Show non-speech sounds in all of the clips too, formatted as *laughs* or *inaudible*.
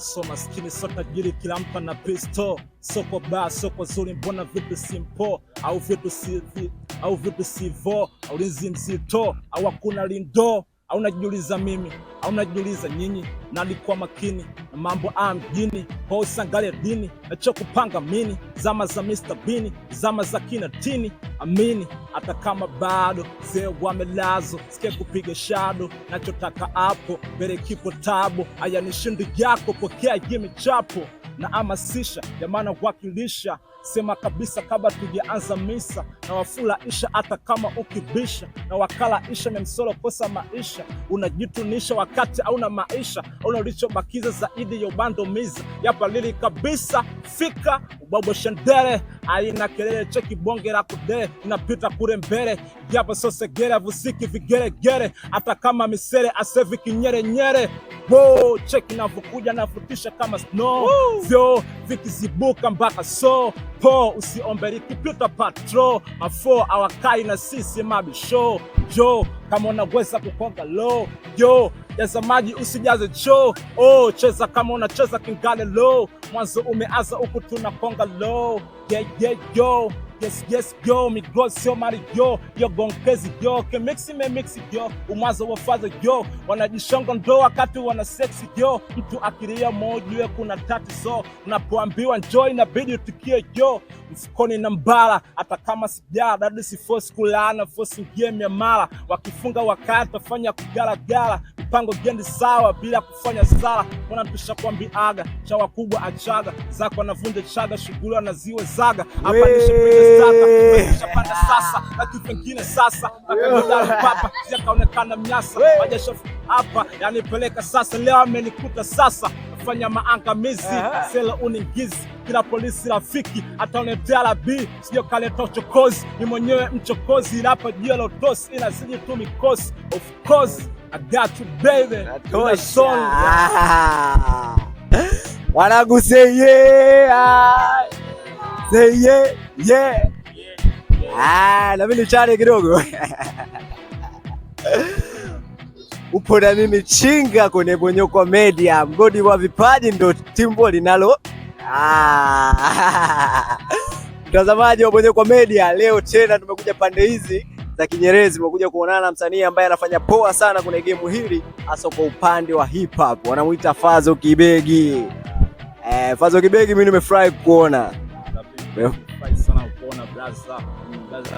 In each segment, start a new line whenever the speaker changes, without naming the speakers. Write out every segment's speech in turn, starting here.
so maskini so tajiri, kila mtu ana pisto. Soko baa, soko zuri, mbona vitu simpo au vitu si au vitu sivo, au mzito au hakuna lindo au najiuliza mimi au najiuliza nyinyi, na alikuwa makini na mambo a mjini, hosangalia dini kupanga mini, zama za Mr Bini, zama za kina tini, amini hata kama bado zee wamelazo, sike kupiga shado, nachotaka hapo mbele kipo tabo, haya ni shindi yako, pokea jimi chapo na amasisha jamana wakilisha sema kabisa kabla tujaanza misa, na wafula isha hata kama ukibisha, na ni msolo kosa maisha, unajitunisha wakati auna maisha, auna ulichobakiza zaidi ya ubandomiza yapalili kabisa fika ubabo shendere aina kelele cheki bonge la kudere inapita kule mbele japo sosegere avusiki vigeregere hata kama misere asevi kinyerenyere wo cheki navokuja navutisha kama snow vyo vikizibuka mpaka so po, usiomberiki pita patro mafo awakai na sisi mabisho jo, kama unaweza kukonga lo jo jaza maji usijaze cho oh, cheza kama unacheza kingale lo, mwanzo umeaza huku tunakonga lo yeah, yeah, yo Yes, yes, yo, mi gozi sio mari yo, yo gonkezi yo, ke mixi me mixi yo, umazo wa father yo, wanajishonga ndo wakati wana sexy yo, mtu akiria moju ya kuna tatu tatizo, unapoambiwa njoi inabidi utikie yo, mfukoni na mbala, hata kama sijara dadi si force kulana force ngie miamala, wakifunga wakati wafanya kugaragara mpango gendi sawa bila kufanya sala, mbona tushakwambiaga cha wakubwa achaga zako anavunja chaga shughuli anaziwe zaga hapa nishe Panda sasa na kitu kingine sasa, papa kaonekana mnyasa hapa, yanipeleka sasa, leo amenikuta sasa, fanya maangamizi sela uningizi kila polisi rafiki ataonetea la bi sio kaleta uchokozi, ni mwenyewe mchokozi hapa jua la inazidi tu mikosi. Of course I got you baby, ah. wanaguseye seye Yeah. Ah, na mimi kidogo. *laughs* Upo na mimi Chinga kwenye Bonyokwa Media, mgodi wa vipaji ndo timbo linalo ah. *laughs* mtazamaji wa Bonyokwa Media, leo tena tumekuja pande hizi za Kinyerezi, tumekuja kuonana na msanii ambaye anafanya poa sana kwenye gemu hili, hasa kwa upande wa hip hop, wanamuita Fazo Kibegi. Eh, Fazo Kibegi, mimi nimefurahi kuona
Gaza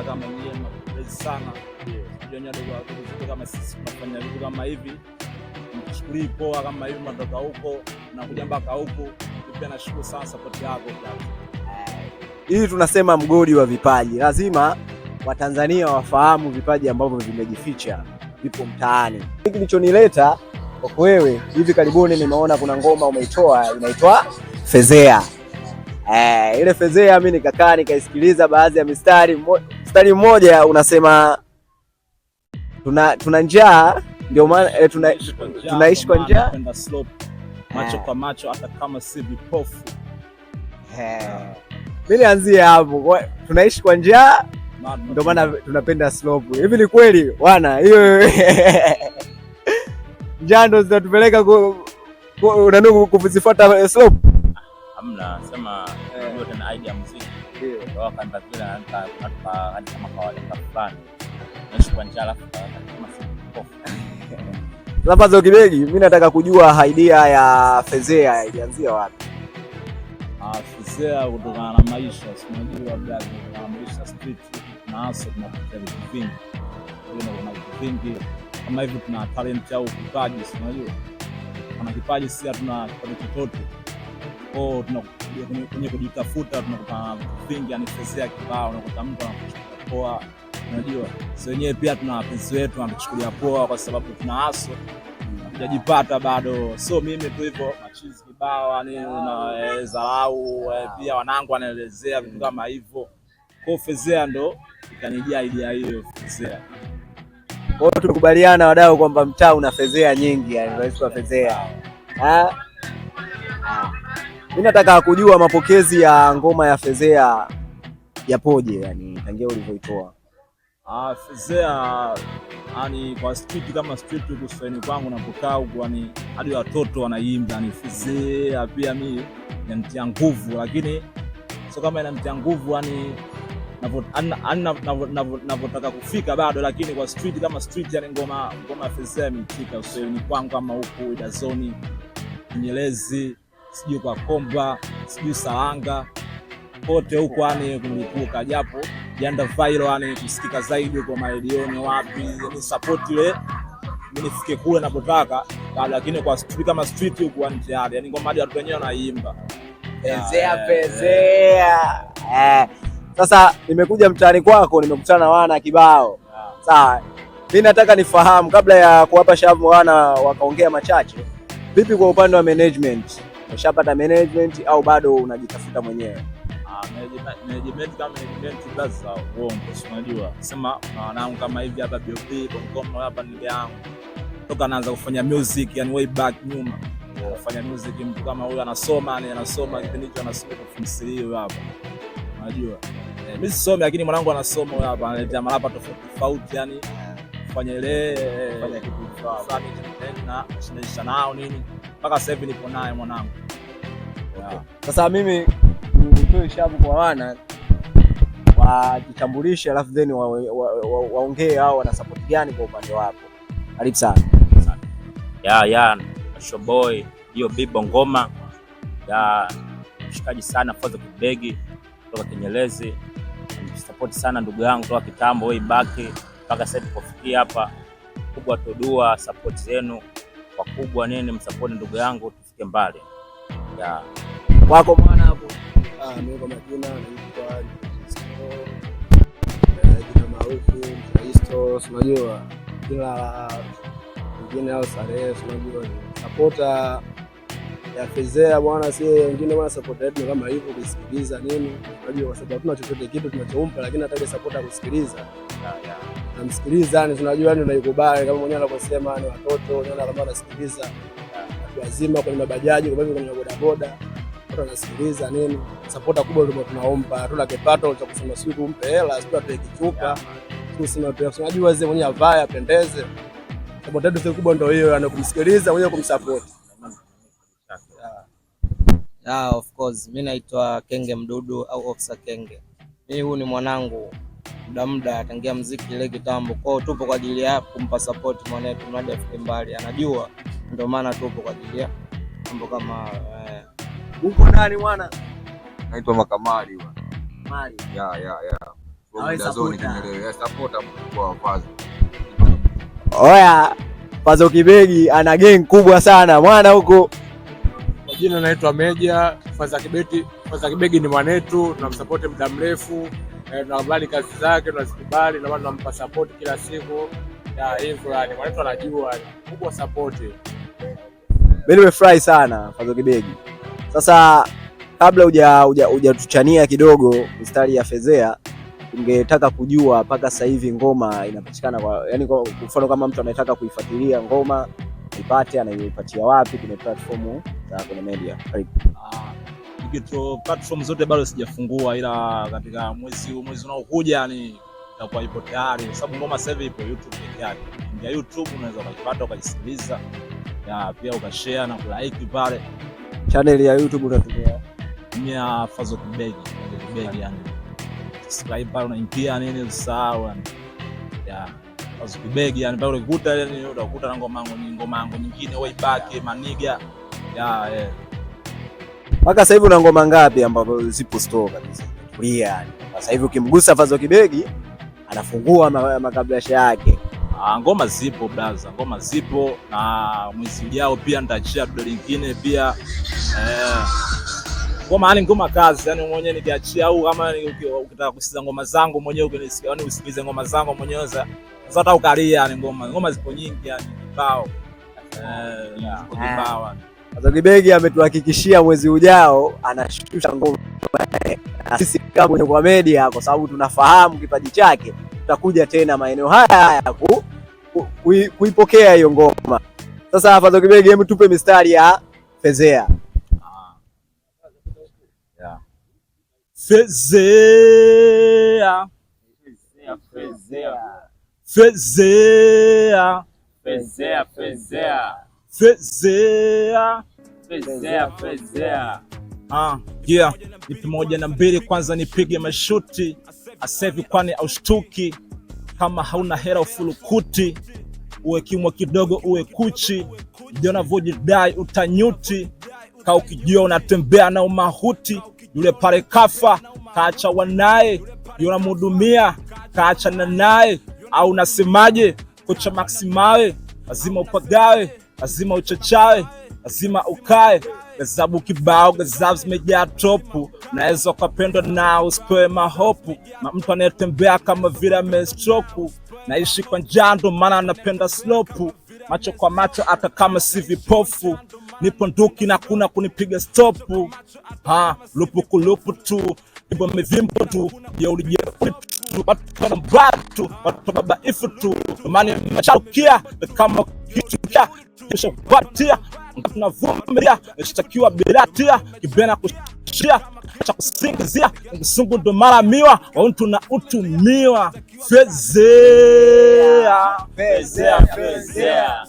kama sana kama sisi tunafanya vitu kama hivi, mchukulii poa kama hivi, matoka huko mpaka huko. Pia nashukuru sana yako
hii. Tunasema mgodi wa vipaji, lazima Watanzania wafahamu vipaji ambavyo vimejificha vipo mtaani. Hiki kilichonileta kwa wewe, hivi karibuni nimeona kuna ngoma umeitoa inaitwa Fezea. Eh, ile fezea mimi nikakaa nikaisikiliza baadhi ya mistari. Mstari mmoja unasema tuna tuna njaa ndio maana eh, tuna, tunaishi kwa njaa
kwenda slope macho eh. kwa macho hata kama si vipofu.
Eh. Mimi nianzie hapo. Tunaishi kwa njaa ndio maana tunapenda slope. Hivi ni kweli wana hiyo *laughs* njaa ndio zinatupeleka ku, ku, ku, kuzifuata slope.
Hamna, sema wakanda vile kama fulani njaa,
alafu zo kibegi. nataka kujua idea ya Fezea ilianzia wapi?
Ah, Fezea kutokana na maisha, unajua black na maisha street na hasa na vitu vingi, kuna vitu vingi kama hivi, tuna talent au kipaji, unajua kuna kipaji, si hatuna kipaji Oh, kwao, kwenye kujitafuta tunakuta vingi, anifezea kibao, unakuta mtu anakuchukulia poa. Unajua si wenyewe pia tuna wapenzi wetu anatuchukulia poa kwa sababu tuna haso hujajipata bado, so mimi tu hivyo machizi kibao ni zarau e, pia wanangu wanaelezea vitu kama hivyo kwa fezea, ndo ikanijia idea hiyo fezea.
Kwa hiyo tukubaliana wadau kwamba mtaa una fezea nyingi, yani rahisi wa fezea. Ah. ah. Mimi nataka kujua mapokezi ya ngoma ya Fezea yapoje, yani tangia ulivyoitoa.
Ah, Fezea yani kwa street kama street huko sasa kwangu napokaa huko, yani hadi watoto wanaimba yani Fezea, pia mimi inanitia nguvu, lakini sio kama inanitia nguvu yani navyotaka kufika bado, lakini kwa street kama street, yani ngoma ngoma ya Fezea imetika usoni kwangu, ama huku Zone Nyelezi sijui kwa Komba, sijui Saanga, pote huko yani kumlikuka, japo janda viral yani kusikika zaidi kwa maelioni wapi, ni support ile nifike kule napotaka, ah, lakini kwa street kama street huko yani tayari yani ngoma ya watu wenyewe wanaimba
pezea ah, pezea. Eh. eh, sasa nimekuja mtaani kwako, nimekutana na wana kibao ah. sawa. Mimi nataka nifahamu kabla ya kuwapa shavu wana wakaongea machache, vipi kwa upande wa management Umeshapata management au bado unajitafuta mwenyewe?
management kama management basi uongo si unajua. Sema wanangu kama hivi hapa BOP Konkomo hapa ni yangu. Toka naanza kufanya music yani way back nyuma. Kufanya music mtu kama huyo anasoma, ni anasoma kipindi hicho anasoma kufundishiwa hapa. Unajua? Mimi sisomi lakini mwanangu anasoma hapa, analeta malapa tofauti tofauti yani kufanya ile kufanya kitu fulani na shindana nao nini mpaka sasa hivi nipo naye mwanangu.
Sasa mimi nitoe shabu kwa wana wajitambulishe, alafu then waongee wa, wa, wa hao wana support gani kwa upande wako. Karibu sana
ya ya shoboy hiyo bibo ngoma ya mshikaji sana Faza kubegi kutoka Kinyelezi, support sana ndugu yangu kutoka kitambo way back mpaka sasa kufikia hapa kubwa, todua support zenu wakubwa nini, msapoti ndugu yangu tufike mbali
ya wako mwana hapo.
Ah, mimi kwa majina naitwa eh, jina maarufu Kristo, unajua kila wengine au Salehe, unajua sapota ya fezea bwana, si wengine bwana, sapota yetu kama hivyo kusikiliza nini, unajua kwa sababu hatuna chochote kitu tunachompa, lakini hata ile sapota kusikiliza yeah, yeah namsikiliza, ni tunajua ndio naikubali, kama mwenyewe anavyosema, ni watoto wenyewe kama anasikiliza watu wazima kwenye mabajaji, kwa kwenye bodaboda watu anasikiliza nini. Sapota kubwa ndio tunaomba, hatuna kipato cha kusema siku tumpe hela, sio atoe kichupa, pia, tunajua yeye mwenyewe avae apendeze. Sapota yetu kubwa ndio hiyo, anakumsikiliza mwenyewe kumsupport.
Yeah, of course. Mimi naitwa Kenge Mdudu au Officer Kenge. Mimi huyu ni mwanangu muda muda atangia mziki ile kitambo kwao, tupo kwa ajili ya kumpa support mwanetu mradi afike mbali, anajua ndio maana tupo kwa ajili ya mambo kama eh.
Uko nani mwana?
Naitwa Makamari bwana. Mali. Ya ya ya. Muda zoni kimeleo. Supporta kwa Fazo.
Oya, Pazo Kibegi ana gang kubwa sana mwana huko.
Kwa jina naitwa Meja. Faza Kibeti, Faza Kibegi ni mwanetu, tunamsupport muda mrefu. Eh, tunakubali kazi zake, tunazikubali, na maana tunampa support kila siku ya hivyo, yani mwanetu anajua kubwa support.
Mimi nimefurahi sana Fadho Kibegi. Sasa kabla hujatuchania kidogo mistari ya fedhea, ungetaka kujua mpaka sasa hivi ngoma inapatikana kwa, yani kwa mfano kama mtu anataka kuifuatilia ngoma ipate anaipatia wapi kwenye platform za kwenye media? Karibu. Ah
digital platform zote bado sijafungua, ila katika mwezi mwezi unaokuja ni itakuwa ipo tayari, kwa sababu ngoma sasa ipo YouTube peke yake. Ingia YouTube unaweza ukaipata ukajisikiliza, pia ukashare na kulike pale.
Channel ya YouTube unatumia
mia Fazo Kibegi Kibegi, yani subscribe pale, unaingia nini usahau yani ya Fazo Kibegi, yani pale ukikuta, yani utakuta na ngoma yangu nyingine, ngoma yangu nyingine, wewe ibaki maniga ya eh
mpaka sasa hivi una ngoma ngapi ambazo zipo store kabisa? Kulia Sasa hivi ukimgusa Fazo Kibegi anafungua makablasha yake.
Ah, ngoma zipo brother, ngoma zipo na mwezi ujao pia nitaachia dude lingine pia eh, ngoma yani ngoma kazi yani mwenye nikiachia au kama ukitaka kusikiza ngoma zangu mwenyewe ukinisikia yani usikize ngoma zangu mwenyewe za hata ukalia yani ngoma ngoma zipo nyingi yani kibao eh,
yeah. kibao yaani. Zogibegi ametuhakikishia mwezi ujao anashusha ngoma na sisi kama kwenye kwa media, kwa sababu tunafahamu kipaji chake, tutakuja tena maeneo haya haya ku, ku, ku, kuipokea hiyo ngoma. Sasa hapa Zogibegi, hebu tupe mistari ya fezea. Yeah. Fezea. Fezea. Fezea. Fezea. Fezea.
Fezea. Fezea.
Fezea
fezea fezea.
Ah, yeah, nipi moja na mbili, kwanza nipige mashuti asevi, kwani aushtuki kama hauna hera ufulukuti, uwe kimwa kidogo uwe kuchi, ndio unavyojidai utanyuti, ka ukijua unatembea na umahuti, yule pale kafa kaacha wanaye, unamhudumia kaacha naye, au unasemaje? Kocha maksimawe lazima upagawe lazima uchachawe, lazima ukae. Gazabu kibao, gazabu zimejaa topu, naweza ukapendwa na usipewe mahopu, na mtu anayetembea kama vile amestroku. Naishi kwa njaa, ndo maana anapenda slopu, macho kwa macho, hata kama si vipofu nipo nduki na kuna kunipiga stopu, lupukulupu lupu kulupu tu, vimbo mivimbo tu, ya ulijia watu watu wabaifu tu, amani macharukia kama kitu cha kishapatia tunavumilia shtakiwa bila tia kibena kushia cha kusingizia msungu ndo mara miwa wa mtu na utumiwa fezea
fezea fezea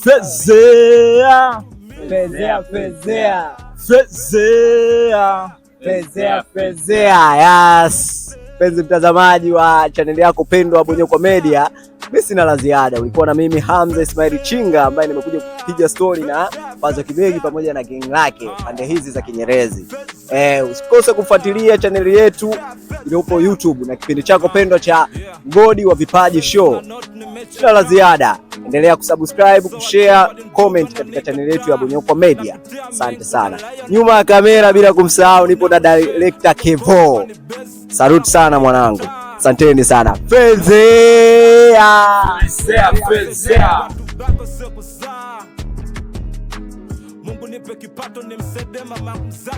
fezea
fezea fezea
fezea
fezea fezea
yes mpenzi mtazamaji wa chaneli yako pendwa Bonyokwa Media mi sina la ziada, ulikuwa na mimi Hamza Ismail Chinga ambaye nimekuja kupiga stori na Pazo Kibegi pamoja na geng lake pande hizi za Kinyerezi. Eh, usikose kufuatilia chaneli yetu iliyopo YouTube na kipindi chako pendwa cha Mgodi wa Vipaji Show. Sina la ziada, endelea kusubscribe, kushare, comment katika chaneli yetu ya Bonyokwa Media. Asante sana. Nyuma ya kamera bila kumsahau nipo na director Kevo. Saluti sana mwanangu. Asanteni sana fezea, ah! fezea, fezea. Mungu nipe kipato nimsede mama mzazi